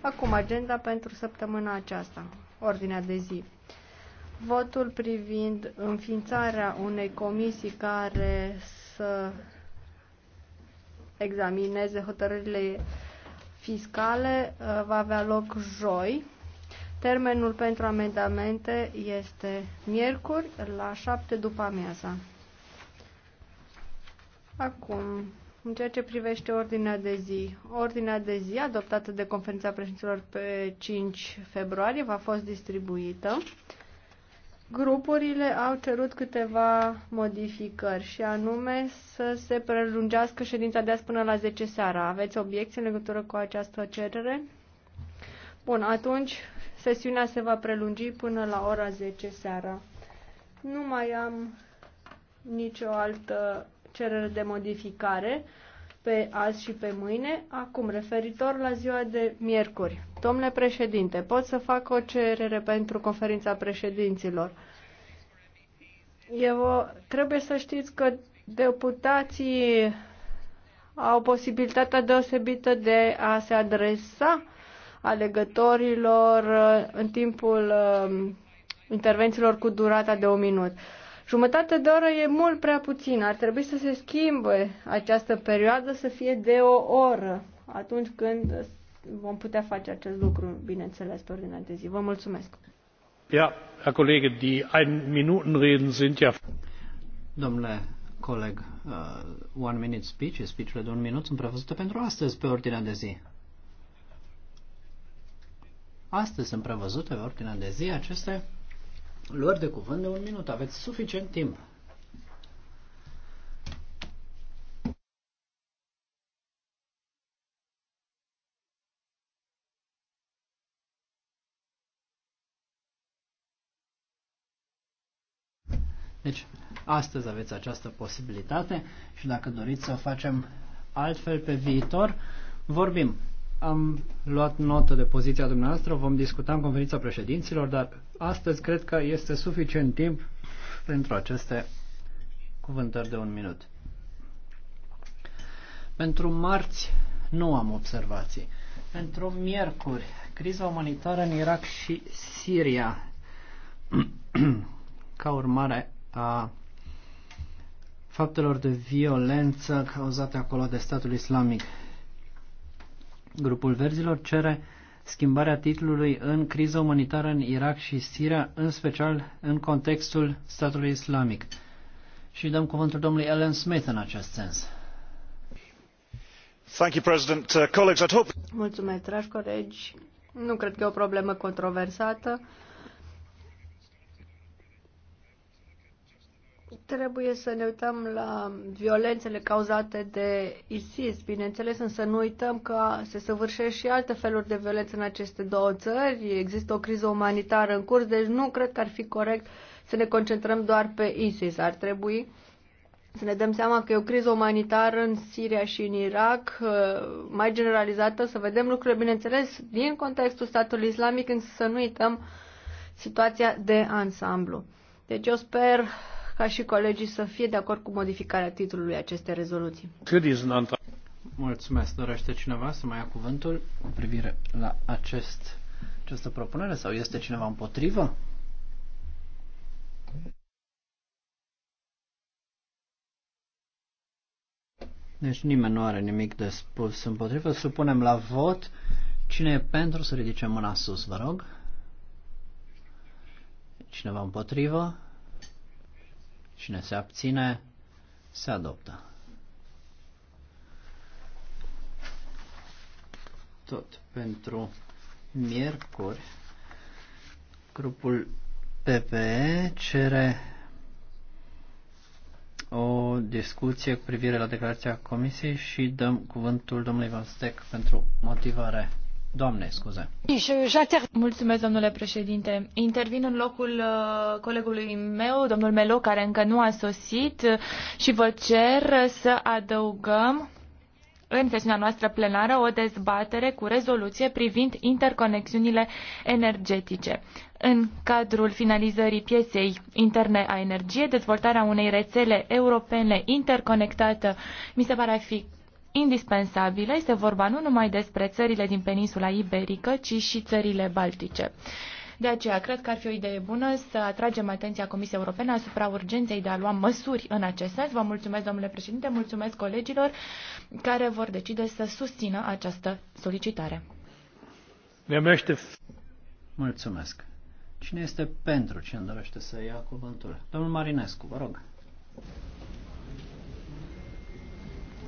Acum, agenda pentru săptămâna aceasta, ordinea de zi. Votul privind înființarea unei comisii care să examineze hotărârile fiscale uh, va avea loc joi. Termenul pentru amendamente este miercuri la 7 după amiaza. Acum în ceea ce privește ordinea de zi, ordinea de zi adoptată de conferința președinților pe 5 februarie va fost distribuită. Grupurile au cerut câteva modificări și anume să se prelungească ședința de azi până la 10 seara. Aveți obiecții în legătură cu această cerere? Bun, atunci sesiunea se va prelungi până la ora 10 seara. Nu mai am nicio altă cerere de modificare pe azi și pe mâine. Acum, referitor la ziua de miercuri. Domnule președinte, pot să fac o cerere pentru conferința președinților. Eu, trebuie să știți că deputații au posibilitatea deosebită de a se adresa alegătorilor uh, în timpul uh, intervențiilor cu durata de un minut. Jumătate de oră e mult prea puțin. Ar trebui să se schimbe această perioadă să fie de o oră atunci când vom putea face acest lucru, bineînțeles, pe ordinea de zi. Vă mulțumesc. Ja, Herr Kollege, die Ein-Minuten-Reden sind ja... Domnule coleg, uh, one minute speech, speech de un minut sunt prevăzute pentru astăzi pe ordinea de zi. Astăzi sunt prevăzute pe ordinea de zi aceste luări de cuvânt de un minut. Aveți suficient timp. Deci, astăzi aveți această posibilitate și dacă doriți să o facem altfel pe viitor, vorbim. Am luat notă de poziția dumneavoastră, vom discuta în conferința președinților, dar astăzi cred că este suficient timp pentru aceste cuvântări de un minut. Pentru marți nu am observații. Pentru miercuri, criza umanitară în Irak și Siria, ca urmare a faptelor de violență cauzate acolo de statul islamic Grupul Verzilor cere schimbarea titlului în criza umanitară în Irak și Siria, în special în contextul statului islamic. Și dăm cuvântul domnului Alan Smith în acest sens. Thank you, President. Uh, colleagues, I hope... Mulțumesc, dragi colegi. Nu cred că e o problemă controversată. Trebuie să ne uităm la violențele cauzate de ISIS, bineînțeles, însă nu uităm că se săvârșesc și alte feluri de violență în aceste două țări. Există o criză umanitară în curs, deci nu cred că ar fi corect să ne concentrăm doar pe ISIS. Ar trebui să ne dăm seama că e o criză umanitară în Siria și în Irak, uh, mai generalizată, să vedem lucrurile, bineînțeles, din contextul statului islamic, însă să nu uităm situația de ansamblu. Deci eu sper ca și colegii să fie de acord cu modificarea titlului acestei rezoluții. Mulțumesc. Dorește cineva să mai ia cuvântul cu privire la acest, această propunere sau este cineva împotrivă? Deci nimeni nu are nimic de spus împotrivă. Supunem la vot. Cine e pentru să ridicem mâna sus, vă rog? Cineva împotrivă? Cine se abține, se adoptă. Tot pentru miercuri, grupul PPE cere o discuție cu privire la declarația Comisiei și dăm cuvântul domnului Van Stec pentru motivare. Doamne, scuze. Mulțumesc, domnule președinte. Intervin în locul uh, colegului meu, domnul Melo, care încă nu a sosit uh, și vă cer să adăugăm în sesiunea noastră plenară o dezbatere cu rezoluție privind interconexiunile energetice. În cadrul finalizării pieței interne a energiei, dezvoltarea unei rețele europene interconectată mi se pare a fi indispensabile. Este vorba nu numai despre țările din peninsula iberică, ci și țările baltice. De aceea, cred că ar fi o idee bună să atragem atenția Comisiei Europene asupra urgenței de a lua măsuri în acest sens. Vă mulțumesc, domnule președinte, mulțumesc colegilor care vor decide să susțină această solicitare. Mulțumesc. Cine este pentru cine dorește să ia cuvântul? Domnul Marinescu, vă rog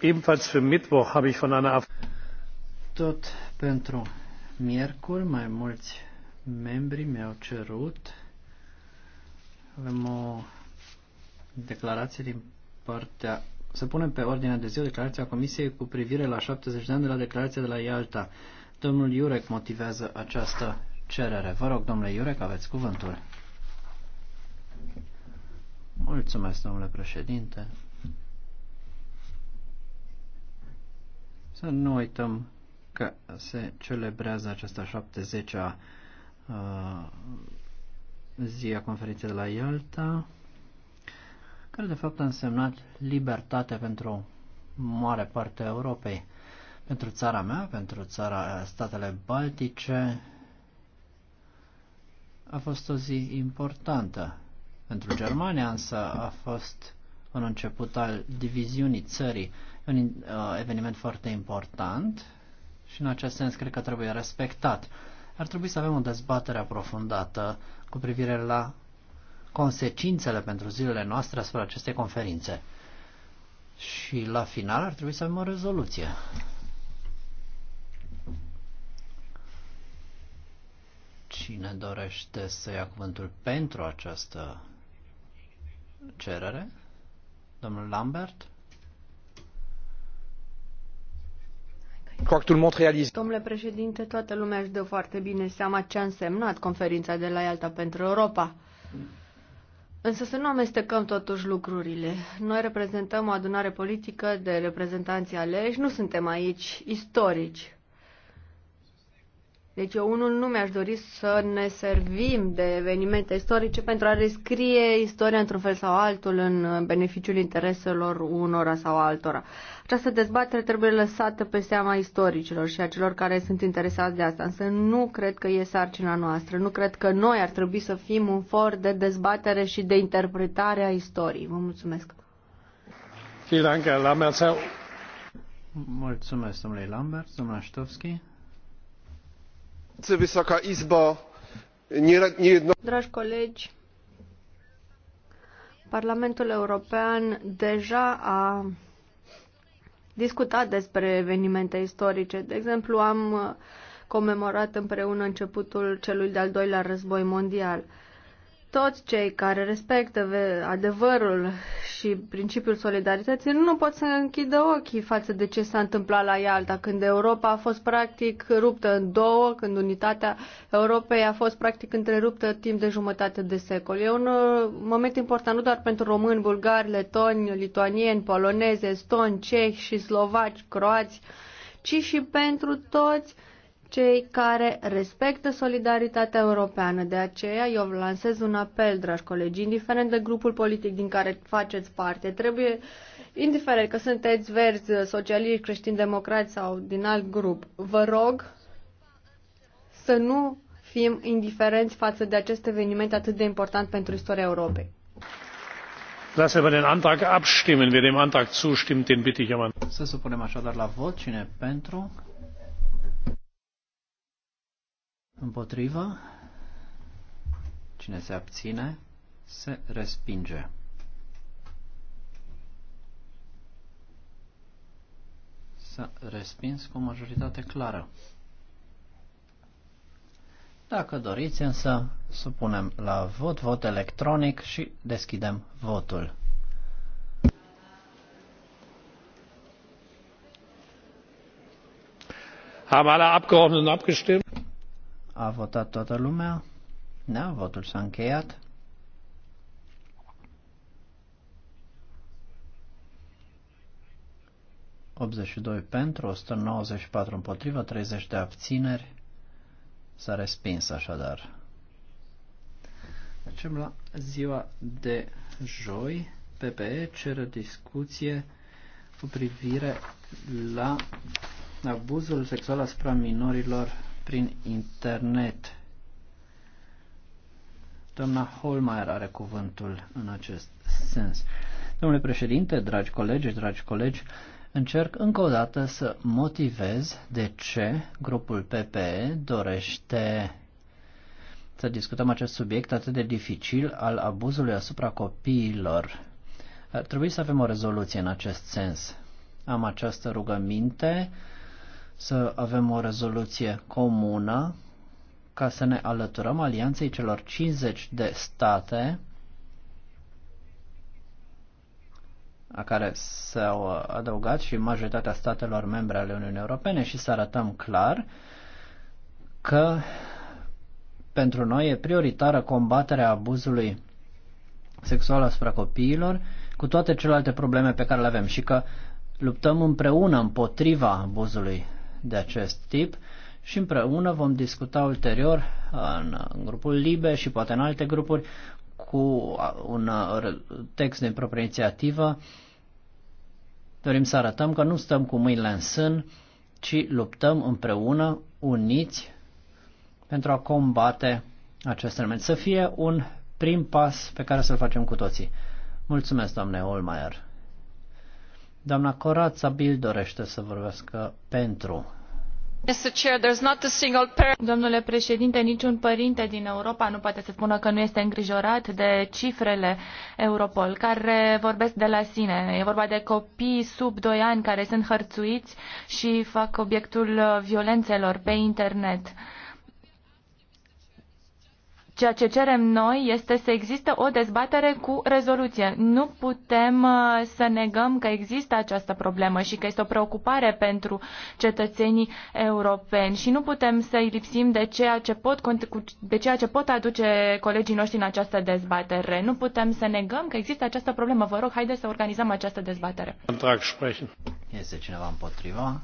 Ebenfalls für Mittwoch habe ich von einer Tot pentru miercuri mai mulți membri mi-au cerut. Avem o declarație din partea să punem pe ordinea de zi declarația Comisiei cu privire la 70 de ani de la declarația de la Ialta. Domnul Iurec motivează această cerere. Vă rog, domnule Iurec, aveți cuvântul. Mulțumesc, domnule președinte. Să nu uităm că se celebrează această 70-a uh, zi a conferinței de la Ialta, care de fapt a însemnat libertate pentru mare parte a Europei, pentru țara mea, pentru țara statele baltice. A fost o zi importantă. Pentru Germania însă a fost un început al diviziunii țării un uh, eveniment foarte important și în acest sens cred că trebuie respectat. Ar trebui să avem o dezbatere aprofundată cu privire la consecințele pentru zilele noastre asupra acestei conferințe. Și la final ar trebui să avem o rezoluție. Cine dorește să ia cuvântul pentru această cerere? Domnul Lambert? Domnule președinte, toată lumea își dă foarte bine seama ce a însemnat conferința de la Ialta pentru Europa. Însă să nu amestecăm totuși lucrurile. Noi reprezentăm o adunare politică de reprezentanți aleși, nu suntem aici istorici. Deci eu unul nu mi-aș dori să ne servim de evenimente istorice pentru a rescrie istoria într-un fel sau altul în beneficiul intereselor unora sau altora. Această dezbatere trebuie lăsată pe seama istoricilor și a celor care sunt interesați de asta, însă nu cred că e sarcina noastră, nu cred că noi ar trebui să fim un for de dezbatere și de interpretare a istoriei. Vă mulțumesc! Vielen Mulțumesc, domnule Lambert, domnule Aștovski. Dragi colegi, Parlamentul European deja a discutat despre evenimente istorice. De exemplu, am comemorat împreună începutul celui de-al doilea război mondial toți cei care respectă adevărul și principiul solidarității nu pot să închidă ochii față de ce s-a întâmplat la Ialta, când Europa a fost practic ruptă în două, când unitatea Europei a fost practic întreruptă timp de jumătate de secol. E un uh, moment important nu doar pentru români, bulgari, letoni, lituanieni, polonezi, estoni, cehi și slovaci, croați, ci și pentru toți cei care respectă solidaritatea europeană. De aceea eu vă lansez un apel, dragi colegi, indiferent de grupul politic din care faceți parte. Trebuie, indiferent că sunteți verzi, socialiști, creștini-democrați sau din alt grup, vă rog să nu fim indiferenți față de acest eveniment atât de important pentru istoria Europei. Lassen wir den Antrag abstimmen. Wer dem Antrag zustimmt, den bitte ich um Să supunem așadar la vot cine pentru Împotrivă. Cine se abține, se respinge. S-a respins cu o majoritate clară. Dacă doriți însă, supunem la vot, vot electronic și deschidem votul. Am alle Abgeordneten abgestimmt? A votat toată lumea? Da, votul s-a încheiat. ...82 pentru, 194 împotrivă, 30 de abțineri. S-a respins așadar. Mergem la ziua de joi. PPE cere discuție cu privire la abuzul sexual asupra minorilor prin internet. Doamna Holmeier are cuvântul în acest sens. Domnule președinte, dragi colegi, dragi colegi, încerc încă o dată să motivez de ce grupul PPE dorește să discutăm acest subiect atât de dificil al abuzului asupra copiilor. Ar trebui să avem o rezoluție în acest sens. Am această rugăminte să avem o rezoluție comună ca să ne alăturăm alianței celor 50 de state a care s-au adăugat și majoritatea statelor membre ale Uniunii Europene și să arătăm clar că pentru noi e prioritară combaterea abuzului sexual asupra copiilor cu toate celelalte probleme pe care le avem și că luptăm împreună împotriva abuzului de acest tip și împreună vom discuta ulterior uh, uh, în, grupul LIBE și poate în alte grupuri cu uh, un text din proprie inițiativă. Dorim să arătăm că nu stăm cu mâinile în sân, ci luptăm împreună, uniți, pentru a combate acest element. Să fie un prim pas pe care să-l facem cu toții. Mulțumesc, doamne Olmaier. Doamna Corața Bil dorește să vorbească pentru. Domnule președinte, niciun părinte din Europa nu poate să spună că nu este îngrijorat de cifrele Europol, care vorbesc de la sine. E vorba de copii sub doi ani care sunt hărțuiți și fac obiectul violențelor pe internet. Uh, Ceea ce cerem noi este să existe o dezbatere cu rezoluție. Nu putem uh, să negăm că există această problemă și că este o preocupare pentru cetățenii europeni și nu putem să îi lipsim de ceea ce pot, de ceea ce pot aduce colegii noștri în această dezbatere. Nu putem să negăm că există această problemă. Vă rog, haideți să organizăm această dezbatere. Este cineva împotriva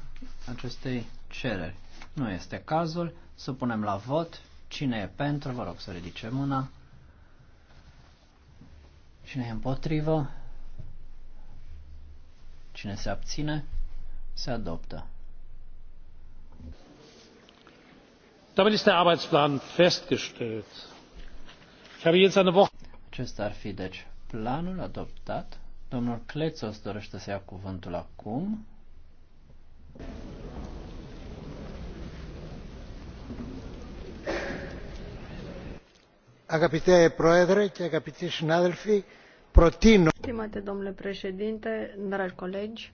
acestei cereri? Nu este cazul. Să punem la vot Cine e pentru, vă rog să ridice mâna. Cine e împotrivă? Cine se abține? Se adoptă. Damit ist der Arbeitsplan festgestellt. Ich habe jetzt eine Woche. Acesta ar fi, deci, planul adoptat. Domnul Clețos dorește să ia cuvântul acum. Stimate domnule președinte, dragi colegi,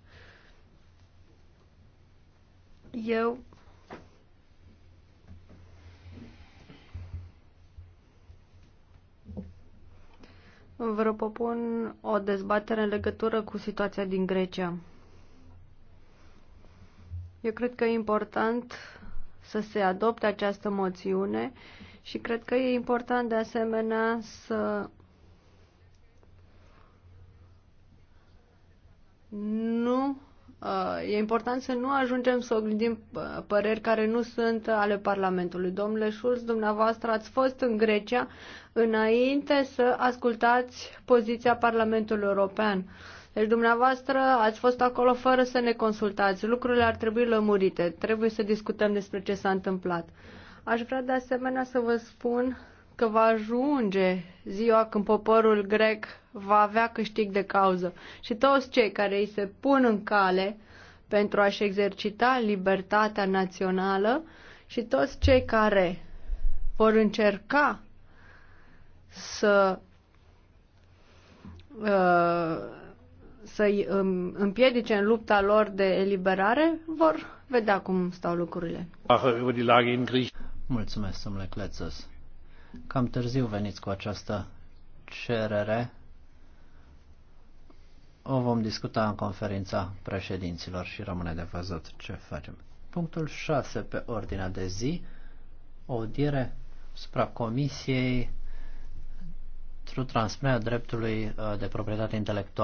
eu vă propun o dezbatere în legătură cu situația din Grecia. Eu cred că e important să se adopte această moțiune uh, și cred că e important de asemenea să nu uh, e important să nu ajungem să oglindim uh, păreri care nu sunt ale Parlamentului. Domnule Schulz, dumneavoastră ați fost în Grecia înainte să ascultați poziția Parlamentului European. Deci dumneavoastră ați fost acolo fără să ne consultați. Lucrurile ar trebui lămurite. Trebuie să discutăm despre ce s-a întâmplat. Aș vrea de asemenea să vă spun că va ajunge ziua când poporul grec va avea câștig de cauză și toți cei care îi se pun în cale pentru a-și exercita libertatea națională și toți cei care vor încerca să uh, să-i um, împiedice în lupta lor de eliberare, vor vedea cum stau lucrurile. Mulțumesc, domnule Clețăs. Cam târziu veniți cu această cerere. O vom discuta în conferința președinților și rămâne de văzut ce facem. Punctul 6 pe ordinea de zi, o audiere supra Comisiei pentru transmiterea dreptului uh, de proprietate intelectuală.